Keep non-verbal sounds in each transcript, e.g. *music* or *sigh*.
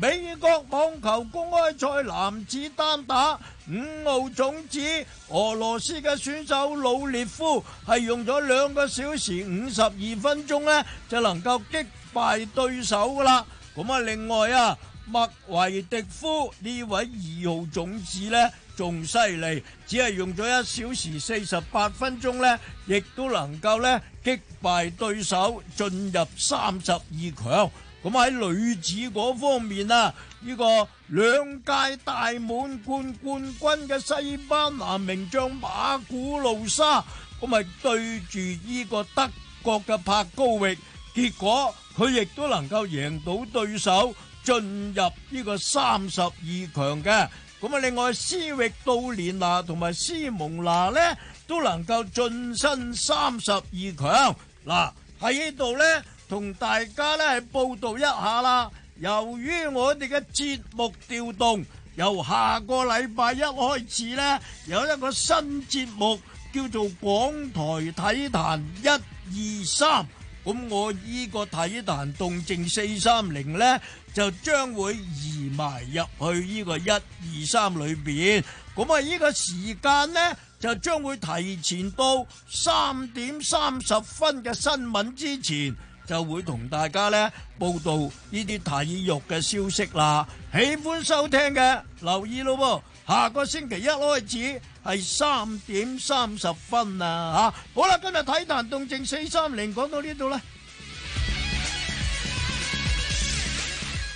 美國網球公開賽男子單打五號種子俄羅斯嘅選手魯列夫係用咗兩個小時五十二分鐘呢，就能夠擊敗對手噶啦。咁啊，另外啊，麥維迪夫呢位二號種子呢，仲犀利，只係用咗一小時四十八分鐘呢，亦都能夠呢擊敗對手進入三十二強。咁喺女子嗰方面啊，呢個兩屆大滿貫冠軍嘅西班牙名將馬古路沙，咁咪對住呢個德國嘅柏高域，結果佢亦都能夠贏到對手，進入呢個三十二強嘅。咁啊，另外斯域杜連娜同埋斯蒙娜咧，都能夠晉身三十二強。嗱，喺呢度咧。同大家呢報道一下啦。由於我哋嘅節目調動，由下個禮拜一開始呢，有一個新節目叫做《港台體壇一二三》。咁我呢個體壇動靜四三零呢，就將會移埋入去呢個一二三裏邊。咁啊，呢個時間呢，就將會提前到三點三十分嘅新聞之前。就會同大家咧報道呢啲體育嘅消息啦，喜歡收聽嘅留意咯噃，下個星期一開始係三點三十分啊！嚇，好啦，今日體壇動靜四三零講到呢度啦。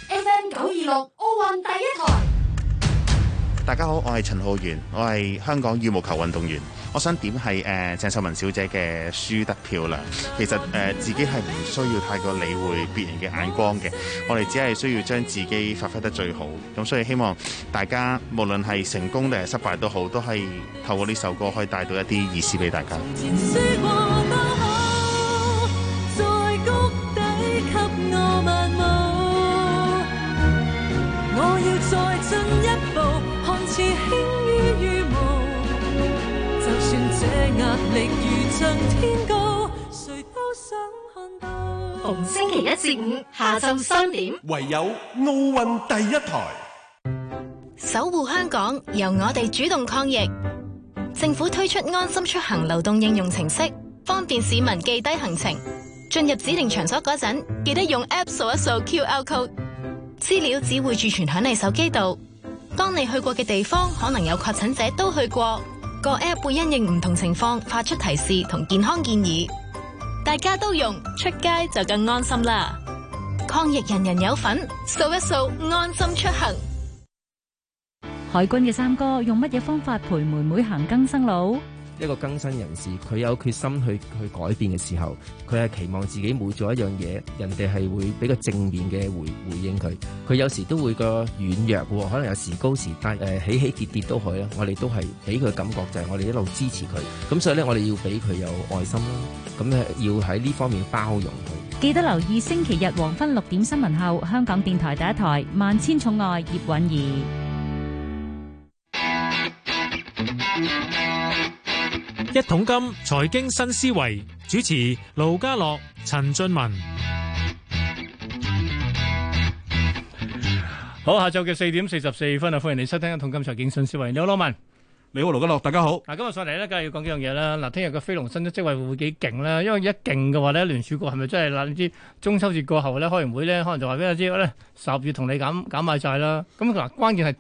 FM 九二六奧運第一台，大家好，我係陳浩源，我係香港羽毛球運動員。我想點係，誒，鄭秀文小姐嘅輸得漂亮，其實誒自己係唔需要太過理會別人嘅眼光嘅，我哋只係需要將自己發揮得最好。咁所以希望大家無論係成功定係失敗都好，都係透過呢首歌可以帶到一啲意思俾大家。壓力如像天高，誰都想看到，逢星期一至五下晝三點，唯有奧運第一台守護香港，由我哋主動抗疫。政府推出安心出行流動應用程式，方便市民記低行程。進入指定場所嗰陣，記得用 App 掃一掃 QR code，資料只會儲存喺你手機度。當你去過嘅地方，可能有確診者都去過。個 app 會因應唔同情況發出提示同健康建議，大家都用出街就更安心啦！抗疫人人有份，掃一掃安心出行。海軍嘅三哥用乜嘢方法陪妹妹行更生路？一個更新人士，佢有決心去去改變嘅時候，佢係期望自己每做一樣嘢，人哋係會比較正面嘅回回應佢。佢有時都會個軟弱，可能有時高時低，誒、呃、起起跌跌都好啦。我哋都係俾佢嘅感覺就係我哋一路支持佢。咁所以咧，我哋要俾佢有愛心啦。咁咧要喺呢方面包容佢。記得留意星期日黃昏六點新聞後，香港電台第一台《萬千寵愛葉蘊儀》。一桶金財經新思維，主持盧家樂、陳俊文。好，下晝嘅四點四十四分啊，歡迎嚟收聽一桶金財經新思維。你好，羅文，你好，盧家樂，大家好。嗱，今日上嚟咧，梗係要講幾樣嘢啦。嗱，聽日嘅非農新職職位會會幾勁咧？因為一勁嘅話咧，聯儲局係咪真係嗱？你知中秋節過後咧，開完會咧，可能就話畀我知咧，十月同你減減買債啦。咁嗱，關鍵係。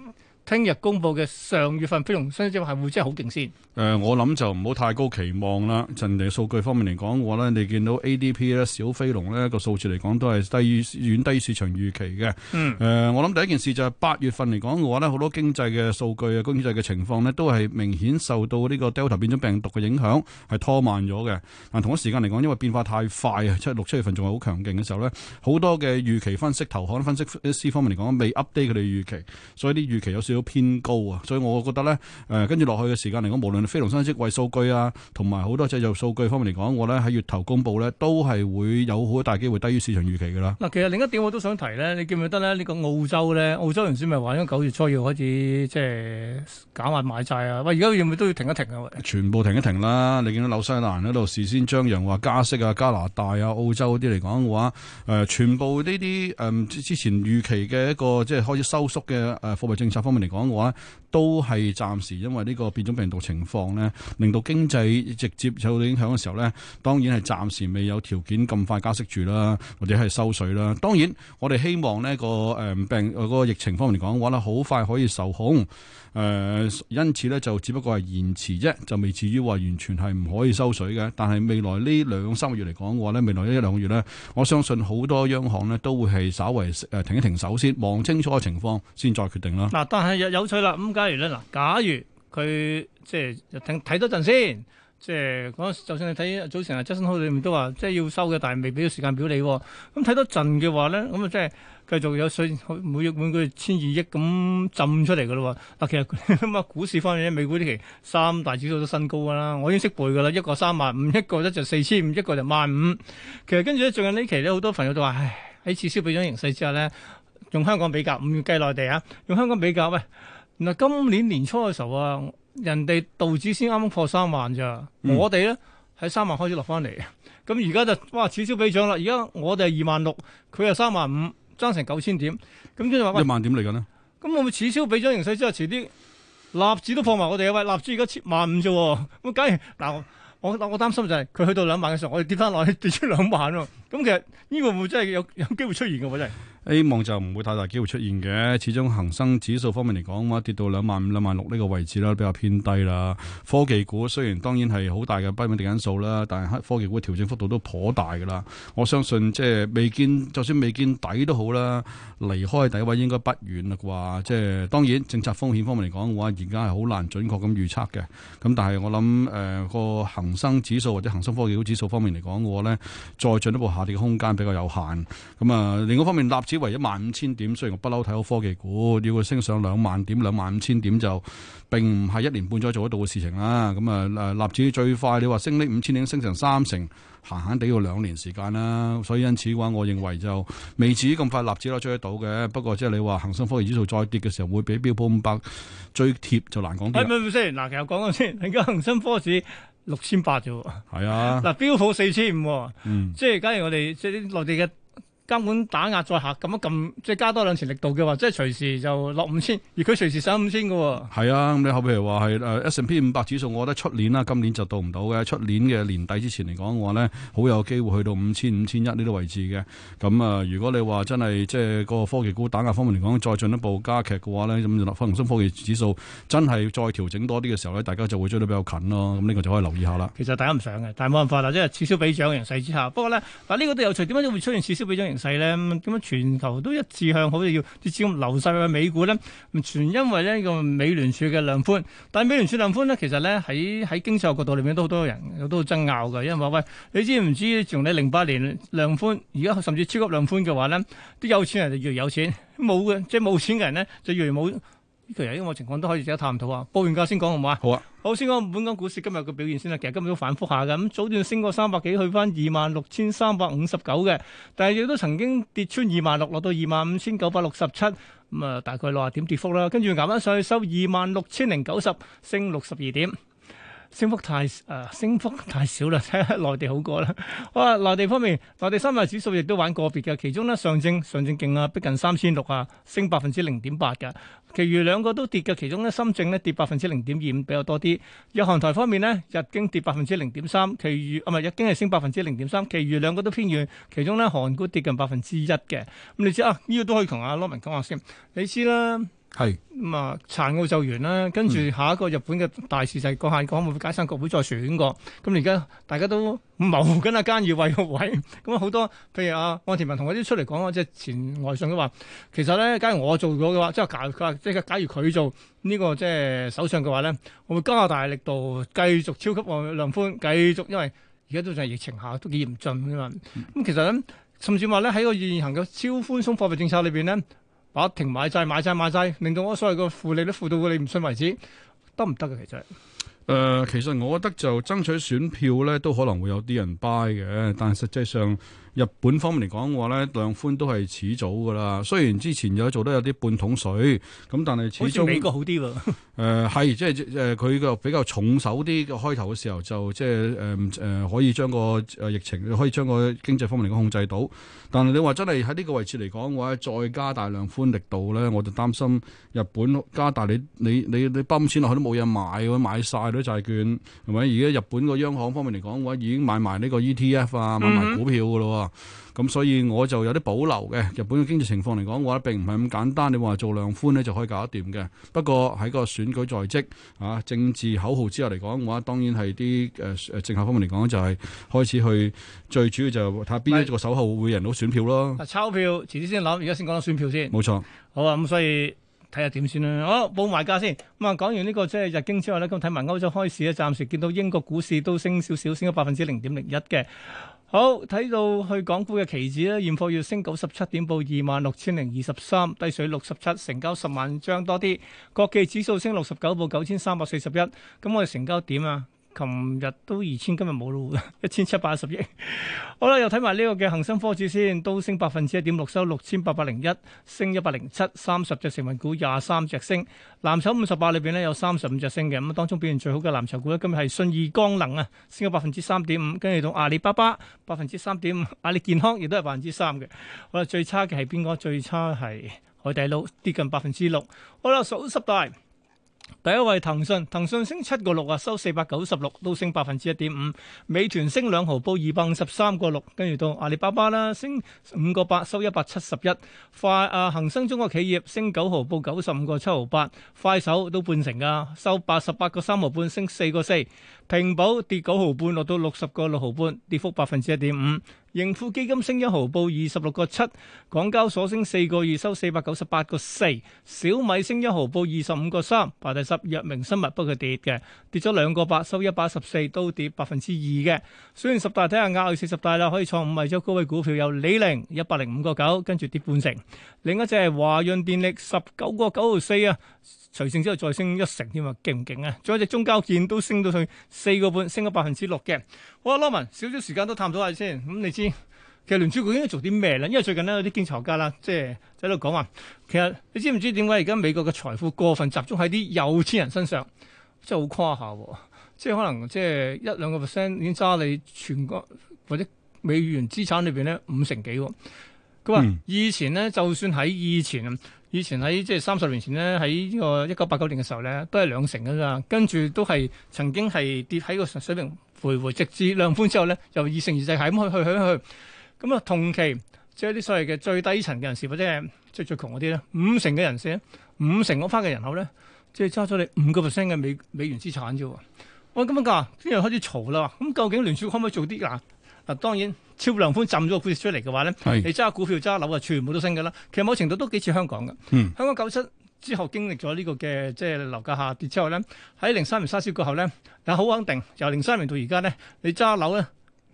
聽日公布嘅上月份飛龍升息率係會真係好勁先？誒、呃，我諗就唔好太高期望啦。近嚟數據方面嚟講嘅話咧，你見到 ADP 咧、小飛龍咧個數字嚟講都係低於遠低於市場預期嘅。誒、嗯呃，我諗第一件事就係八月份嚟講嘅話咧，好多經濟嘅數據啊、經濟嘅情況咧，都係明顯受到呢個 Delta 變種病毒嘅影響，係拖慢咗嘅。但同一時間嚟講，因為變化太快啊，七六七月份仲係好強勁嘅時候咧，好多嘅預期分析、投行分析師方面嚟講，未 update 佢哋預期，所以啲預期有少，有偏高啊，所以我覺得咧，誒跟住落去嘅時間嚟講，無論非農新增職位數據啊，同埋好多製造數據方面嚟講，我咧喺月頭公布咧，都係會有好大機會低於市場預期噶啦。嗱，其實另一點我都想提咧，你記唔記得咧？呢個澳洲咧，澳洲原先咪話咗九月初要開始即係減埋買債啊，喂，而家要唔要都要停一停啊？全部停一停啦！你見到紐西蘭喺度事先張揚話加息啊，加拿大啊、澳洲嗰啲嚟講嘅話，誒、呃，全部呢啲誒之前預期嘅一個即係開始收縮嘅誒貨幣政策方面。嚟講嘅話，都係暫時因為呢個變種病毒情況咧，令到經濟直接受影響嘅時候咧，當然係暫時未有條件咁快加息住啦，或者係收水啦。當然，我哋希望呢個誒病嗰、這個、疫情方面嚟講嘅話咧，好快可以受控。誒、呃，因此呢，就只不過係延遲啫，就未至於話完全係唔可以收水嘅。但係未來呢兩三個月嚟講嘅話呢，未來一兩個月呢，我相信好多央行呢都會係稍為誒停一停手先，望清楚嘅情況先再決定啦。嗱，但係有趣啦，咁假如呢，嗱，假如佢即係睇多陣先，即係嗰時就算你睇早晨啊 Jackson Hole 裏面都話即係要收嘅，但係未俾到時間表你喎、哦。咁睇多陣嘅話呢，咁啊即係。繼續有水，每月每個月千二億咁浸出嚟嘅咯。嗱，其實咁啊，股市方面咧，美股呢期三大指數都新高㗎啦。我已經識背㗎啦，一個三萬五，一個咧就四千五，一個就萬五。其實跟住咧，最近呢期咧，好多朋友都話：唉，喺此消彼長形勢之下咧，用香港比較，唔計內地啊，用香港比較，喂，嗱，今年年初嘅時候啊，人哋道指先啱啱破三萬咋，嗯、我哋咧喺三萬開始落翻嚟，咁而家就哇此消彼長啦。而家我哋係二萬六，佢係三萬五。爭成九千點，咁即係話一萬點嚟緊啦。咁我會取消俾咗形勢之後，遲啲納指都放埋我哋啊！喂，納指而家千萬五啫，咁假如嗱，我我擔心就係、是、佢去到兩萬嘅時候，我哋跌翻落去跌出兩萬喎。咁其實呢個會真係有真有機會出現嘅喎？真係。希望就唔會太大機會出現嘅，始終恒生指數方面嚟講，話跌到兩萬五、兩萬六呢個位置啦，比較偏低啦。科技股雖然當然係好大嘅不穩定因素啦，但係科技股調整幅度都頗大噶啦。我相信即係未見，就算未見底都好啦，離開底位應該不遠啦。話即係當然政策風險方面嚟講嘅話，而家係好難準確咁預測嘅。咁但係我諗，誒、呃、個恒生指數或者恒生科技股指數方面嚟講嘅話咧，再進一步下跌嘅空間比較有限。咁啊、呃，另一方面立。只為一萬五千點，雖然我不嬲睇好科技股，要佢升上兩萬點、兩萬五千點就並唔係一年半載做得到嘅事情啦。咁啊啊，納指最快，你話升呢五千點升成三成，閒閒地要兩年時間啦。所以因此嘅話，我認為就未至於咁快納指都追得到嘅。不過即係你話恒生科技指數再跌嘅時候，會比標普五百追貼就難講。係咪先？嗱，其實講緊先，而家恆生科指六千八啫喎。係啊，嗱，標普四千五，嗯，即係假如我哋即係啲內地嘅。根本打壓再下咁樣咁，即係加多兩成力度嘅話，即係隨時就落五千，而佢隨時上五千嘅喎。係啊，咁你後譬如話係誒 S&P 五百指數，我覺得出年啦，今年就到唔到嘅。出年嘅年底之前嚟講，嘅話呢，好有機會去到五千、五千一呢啲位置嘅。咁、嗯、啊、呃，如果你話真係即係個科技股打壓方面嚟講，再進一步加劇嘅話呢，咁就恒生科技指數真係再調整多啲嘅時候呢，大家就會追得比較近咯、哦。咁呢個就可以留意下啦。其實大家唔想嘅，但係冇辦法啦，即係此消彼長形勢之下。不過呢，嗱呢個都有趣，點解會出現此消彼長形？勢咧，咁樣全球都一致向好，要啲資金流晒去美股咧，全因為呢個美聯儲嘅量寬。但係美聯儲量寬咧，其實咧喺喺經濟角度裏面都好多人都爭拗嘅。因為話喂，你知唔知？從你零八年量寬，而家甚至超級量寬嘅話咧，啲有錢人就越嚟越有錢，冇嘅即係冇錢嘅人咧就越冇。其實呢個情況都可以值得探討啊，報完價先講好唔好啊？好啊，好先講本港股市今日嘅表現先啦。其實今日都反復下嘅，咁早段升過三百幾，去翻二萬六千三百五十九嘅，但係亦都曾經跌穿二萬六，落到二萬五千九百六十七，咁啊大概六啊點跌幅啦。跟住捱翻上去收二萬六千零九十，升六十二點。升幅太誒、呃，升幅太少啦，睇下內地好過啦。好啊，內地方面，內地三大指數亦都玩個別嘅，其中咧上證上證勁啊，逼近三千六啊，升百分之零點八嘅。其餘兩個都跌嘅，其中咧深證咧跌百分之零點二五比較多啲。日韓台方面咧，日經跌百分之零點三，其餘，啊唔係日經係升百分之零點三，其餘兩個都偏軟。其中咧韓股跌，跌近百分之一嘅。咁、嗯、你知啊？呢、這個都可以同阿羅文講下先，你知啦。係咁啊，殘奧就完啦，跟住下一個日本嘅大事就係講下講會唔會解散國會再選過？咁而家大家都謀緊啊，菅義偉個位，咁啊好多譬如啊，岸田文雄嗰啲出嚟講啊，即係前外相都話，其實咧，假如我做咗嘅話，即係佢話即係假如佢做、這個、呢個即係首相嘅話咧，我會加大力度繼續超級量寬，繼續因為而家都仲係疫情下都幾嚴峻㗎嘛。咁、嗯嗯嗯嗯、其實咁，甚至話咧喺個現行嘅超寬鬆貨幣政策裏邊咧。呢呢呢呢呢呢呢不停買債買債買債，令到我所謂嘅負利都負到你唔信為止，得唔得㗎其實？誒、呃，其實我覺得就爭取選票咧，都可能會有啲人 buy 嘅，但係實際上。日本方面嚟講嘅話咧，量寬都係遲早噶啦。雖然之前有做得有啲半桶水，咁但係始終好似美國好啲喎。誒 *laughs* 係、呃，即係誒佢個比較重手啲嘅開頭嘅時候就，就即係誒誒可以將個誒疫情可以將個經濟方面嚟講控制到。但係你話真係喺呢個位置嚟講嘅話再加大量寬力度咧，我就擔心日本加大你你你你泵錢落去都冇嘢買，買晒啲債券係咪？而家日本個央行方面嚟講嘅話，已經買埋呢個 ETF 啊，買埋股票噶咯。嗯咁、嗯、所以我就有啲保留嘅。日本嘅經濟情況嚟講，我覺得並唔係咁簡單。你話做量寬呢，就可以搞得掂嘅。不過喺個選舉在即，啊，政治口號之後嚟講，我覺得當然係啲誒誒政客方面嚟講，就係開始去最主要就睇下邊一個手號會贏到選票咯。啊，鈔票遲啲先諗，而家先講到選票先。冇錯。好啊，咁所以睇下點先啦。好，報埋價先。咁、嗯、啊，講完呢個即係日經之後呢，咁睇埋歐洲開市啊，暫時見到英國股市都升少少，升咗百分之零點零一嘅。好睇到去港股嘅期指啦，現貨要升九十七點，報二萬六千零二十三，低水六十七，成交十萬張多啲。國企指數升六十九，報九千三百四十一，咁我哋成交點啊？琴日都二千，今日冇咯，一千七百一十億。好啦，又睇埋呢個嘅恒生科指先，都升百分之一點六，收六千八百零一，升一百零七，三十隻成分股，廿三隻升。藍籌五十八裏邊咧有三十五隻升嘅，咁當中表現最好嘅藍籌股咧今日係信義光能啊，升咗百分之三點五，跟住到阿里巴巴百分之三點五，5，阿里健康亦都係百分之三嘅。好啦，最差嘅係邊個？最差係海底撈，跌近百分之六。好啦，數十代。第一位騰訊，騰訊升七個六啊，收四百九十六，都升百分之一點五。美團升兩毫，報二百五十三個六，跟住到阿里巴巴啦，升五個八，收一百七十一。快啊！恆生中國企業升九毫，報九十五個七毫八。快手都半成啊，收八十八個三毫半，升四個四。平保跌九毫半，落到六十個六毫半，跌幅百分之一點五。盈富基金升一毫，報二十六個七。港交所升四個二，收四百九十八個四。小米升一毫，報二十五個三，排第十。藥明生物不佢跌嘅，跌咗兩個八，收一百十四，都跌百分之二嘅。雖然十大睇下，壓四十大啦，可以創五位數高位股票有李寧一百零五個九，跟住跌半成。另一隻係華潤電力十九個九毫四啊。除淨之後再升一成添啊，勁唔勁啊？仲有一隻中交建都升到去四個半，升咗百分之六嘅。好啊，羅文少少時間都探到下先。咁、嗯、你知其實聯儲局應該做啲咩咧？因為最近呢，有啲經濟學家啦，即係就喺度講話，其實你知唔知點解而家美國嘅財富過分集中喺啲有錢人身上，真係好誇下喎、啊。即係可能即係一兩個 percent 已經揸你全國或者美元資產裏邊咧五成幾喎、啊。佢話以前咧、嗯、就算喺以前以前喺即係三十年前咧，喺呢個一九八九年嘅時候咧，都係兩成嘅㗎，跟住都係曾經係跌喺個水平徘徊，直至量寬之後咧，由二成二制係咁去一去一去去。咁啊，同期即係啲所謂嘅最低層嘅人士或者係最最窮嗰啲咧，五成嘅人士咧，五成攞翻嘅人口咧，即係揸咗你五個 percent 嘅美美元資產啫喎。喂，咁樣㗎，邊日開始嘈啦？咁究竟聯儲可唔可以做啲㗎？嗱，當然超量寬浸咗個股市出嚟嘅話咧，是你揸股票揸樓啊，全部都升嘅啦。其實某程度都幾似香港嘅。嗯、香港九七之後經歷咗呢、呢個嘅即係樓價下跌之後咧，喺零三年沙士過後咧，又好穩定。由零三年到而家咧，你揸樓咧，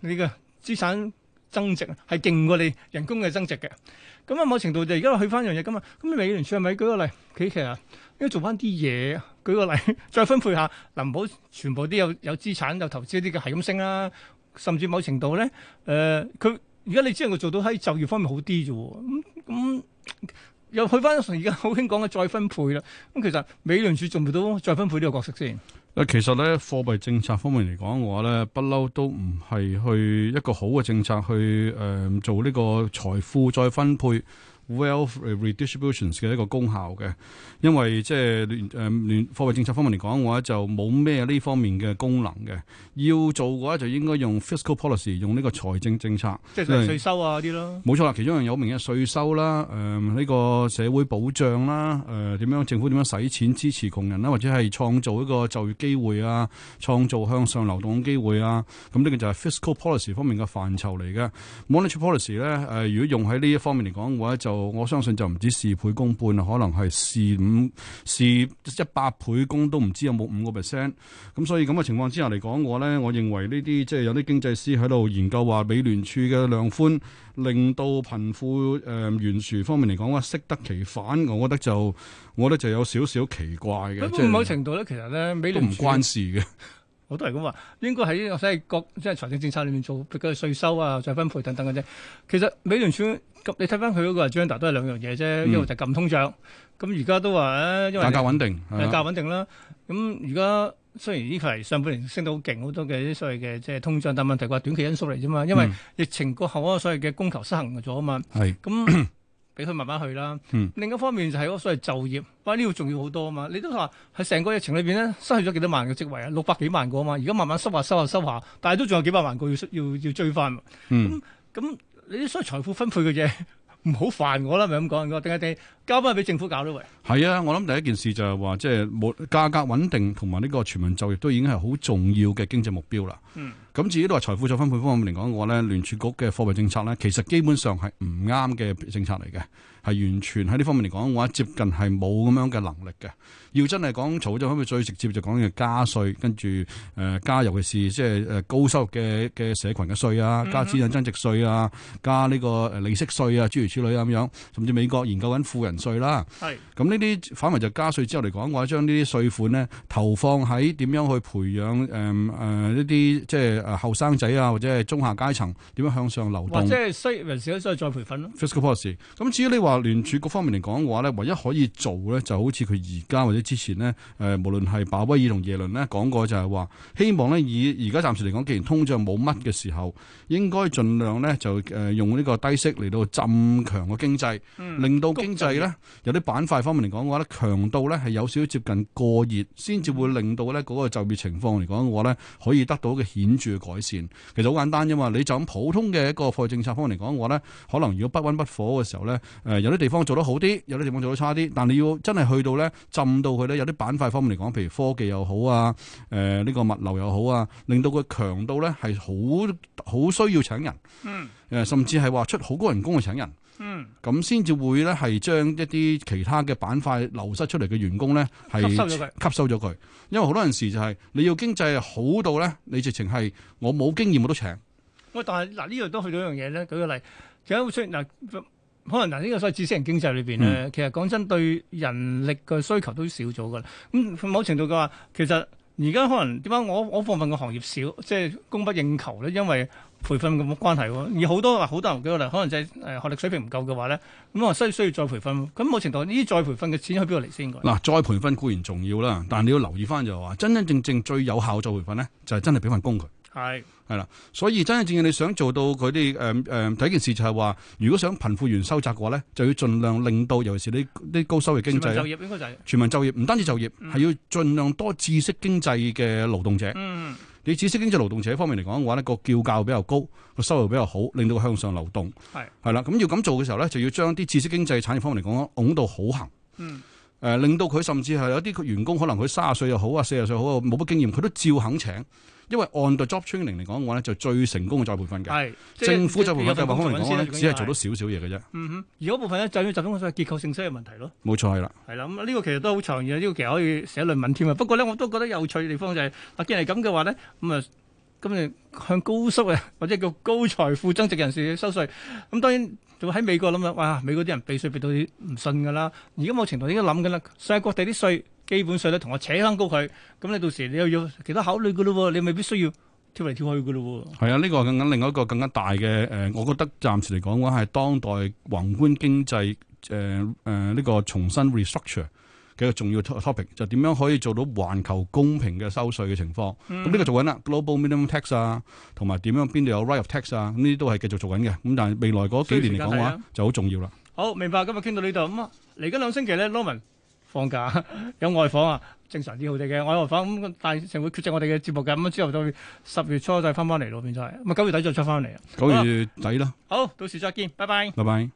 你嘅資產增值係勁過你人工嘅增值嘅。咁啊，某程度就而家去翻樣嘢咁啊。咁你美聯儲咪舉個例，企其實應該做翻啲嘢。舉個例，舉個例，再分配下，唔好全部啲有有資產有投資啲嘅係咁升啦。甚至某程度咧，誒佢而家你只能夠做到喺就業方面好啲啫喎，咁、嗯、咁、嗯、又去翻而家好興講嘅再分配啦。咁、嗯、其實美聯儲做唔做到再分配呢個角色先？誒其實咧貨幣政策方面嚟講嘅話咧，不嬲都唔係去一個好嘅政策去誒、呃、做呢個財富再分配。Wealth redistributions 嘅一個功效嘅，因為即係聯誒聯貨幣政策方面嚟講嘅話就冇咩呢方面嘅功能嘅。要做嘅話就應該用 fiscal policy，用呢個財政政策，即係稅收啊啲咯。冇錯啦，其中有名嘅稅收啦，誒、呃、呢、這個社會保障啦，誒點樣政府點樣使錢支持窮人啦，或者係創造一個就業機會啊，創造向上流動嘅機會啊，咁呢個就係 fiscal policy 方面嘅範疇嚟嘅。monetary policy 咧，誒、呃、如果用喺呢一方面嚟講嘅話就我相信就唔止事倍功半可能係事五事一百倍功都唔知有冇五個 percent。咁所以咁嘅情況之下嚟講我咧，我認為呢啲即係有啲經濟師喺度研究話，美聯儲嘅量寬令到貧富誒懸、呃、殊方面嚟講咧適得其反。我覺得就，我覺得就有少少奇怪嘅，即係某程度咧，就是、其實咧美聯儲唔關事嘅。我都係咁話，應該喺啲所謂即係財政政策裏面做嗰個稅收啊，再分配等等嘅啫。其實美聯儲你睇翻佢嗰個 agenda 都係兩樣嘢啫，嗯、一路就撳通脹，咁而家都話誒，因為價格穩定，價格、啊、穩定啦。咁而家雖然呢個係上半年升到好勁，好多嘅啲所謂嘅即係通脹，但問題話短期因素嚟啫嘛，因為疫情過後啊，所謂嘅供求失衡咗啊嘛。係是。嗯 *coughs* 俾佢慢慢去啦。嗯、另一方面就係嗰所謂就業，哇呢個重要好多啊嘛。你都話喺成個疫情裏邊咧，失去咗幾多萬嘅職位啊，六百幾萬個啊嘛。而家慢慢收下收下收下，收下，但係都仲有幾百萬個要要要追翻。咁咁、嗯、你啲所謂財富分配嘅嘢唔好煩我啦，咪咁講，我停一停。嗯嗯交翻係俾政府搞咯，係啊！我諗第一件事就係、是、話，即係冇價格穩定同埋呢個全民就業都已經係好重要嘅經濟目標啦。咁至於都話財富再分配方面嚟講嘅話咧，聯儲局嘅貨幣政策咧，其實基本上係唔啱嘅政策嚟嘅，係完全喺呢方面嚟講嘅話，接近係冇咁樣嘅能力嘅。要真係講儲就，可唔可最直接就講嘅加稅，跟住誒、呃、加尤其是即係誒高收入嘅嘅社群嘅稅啊，加資產增值稅啊，加呢個誒利息稅啊，諸如此類啊咁樣，甚至美國研究緊富人。稅啦，係咁呢啲反為就加稅之後嚟講嘅話，將稅呢啲稅款咧投放喺點樣去培養誒誒呢啲即係誒後生仔啊，或者係中下階層點樣向上流動，或者係失業人士再,再培訓咯。Fiscal policy。咁至於你話聯儲局方面嚟講嘅話咧，唯一可以做咧，就好似佢而家或者之前咧誒，無論係鮑威爾同耶倫咧講過就，就係話希望咧以而家暫時嚟講，既然通脹冇乜嘅時候，應該盡量咧就誒用呢個低息嚟到增強個經濟，嗯、令到經濟咧。有啲板塊方面嚟講嘅話咧，強度咧係有少少接近過熱，先至會令到咧嗰個就業情況嚟講嘅話咧，可以得到一個顯著嘅改善。其實好簡單啫嘛，你就咁普通嘅一個貨幣政策方面嚟講嘅話咧，可能如果不溫不火嘅時候咧，誒，有啲地方做得好啲，有啲地方做得差啲，但你要真係去到咧浸到佢咧，有啲板塊方面嚟講，譬如科技又好啊，誒、呃，呢個物流又好啊，令到佢強度咧係好好需要請人，誒，甚至係話出好高人工去請人。咁先至會咧，係將一啲其他嘅板塊流失出嚟嘅員工咧，係吸收咗佢。吸收咗佢，因為好多陣時就係你要經濟好到咧，你直情係我冇經驗我都請。喂，但係嗱呢度都去到一樣嘢咧，舉個例，而家會出現嗱，可能嗱呢個所謂知識型經濟裏邊咧，其實講真對人力嘅需求都少咗噶啦。咁某程度嘅話，其實而家可能點解我我放份嘅行業少，即係供不應求咧，因為。培訓咁嘅關係喎，而好多話好多人嘅可能就係誒學歷水平唔夠嘅話咧，咁話需要需要再培訓，咁某程度呢啲再培訓嘅錢喺邊度嚟先？嗱，再培訓固然重要啦，但係你要留意翻就係話，真真正正最有效做培訓咧，就係真係俾份工具。係係啦，所以真真正正你想做到佢啲誒誒，第一件事就係話，如果想貧富懸收窄嘅話咧，就要儘量令到，尤其是呢啲高收入經濟。全民就業應該就係。全民就業唔單止就業，係，嗯，要儘量多知識經濟嘅勞動者。嗯。你知識經濟勞動者方面嚟講嘅話咧，個叫價會比較高，個收入比較好，令到佢向上流動。係係啦，咁要咁做嘅時候咧，就要將啲知識經濟產業方面嚟講拱到好行。嗯。誒，令到佢甚至係有啲佢員工，可能佢卅歲又好啊，四十歲好啊，冇乜經驗，佢都照肯請，因為 on the job training 嚟講嘅話咧，就是、最成功嘅再培訓嘅。係是，政府再培訓嘅方面講是只係做到少少嘢嘅啫。嗯哼，而部分咧就要集中喺結構性質嘅問題咯。冇錯係啦。係啦，咁呢、嗯這個其實都好長遠，呢、這個其實可以寫論文添啊。不過咧，我都覺得有趣嘅地方就係、是，既然係咁嘅話咧，咁啊。咁你向高收入或者叫高財富增值人士收稅，咁當然就會喺美國諗啦。哇！美國啲人避稅避到唔信噶啦。而家冇程度已經諗緊啦，世界各地啲稅基本上都同我扯返高佢，咁你到時你又要其他考慮噶咯喎，你未必需要跳嚟跳去噶咯喎。係啊，呢、呢個緊緊另外一個更加大嘅誒、呃，我覺得暫時嚟講嘅話係當代宏觀經濟誒誒呢個重新 restructure。幾個重要 topic 就點樣可以做到環球公平嘅收稅嘅情況？咁呢、嗯、個做緊啦，global minimum tax 啊，同埋點樣邊度有 right of tax 啊？咁呢啲都係繼續做緊嘅。咁但係未來嗰幾年嚟講嘅話，就好重要啦。好明白，今日傾到呢度咁啊！嚟緊兩星期咧 l a m a n 放假有外訪啊，正常啲好啲嘅外訪咁，大成會缺席我哋嘅節目嘅咁之後，到十月初就翻翻嚟咯，變咗係咪九月底就出翻嚟啊？九月底咯。好，好到時再見，拜拜。拜拜。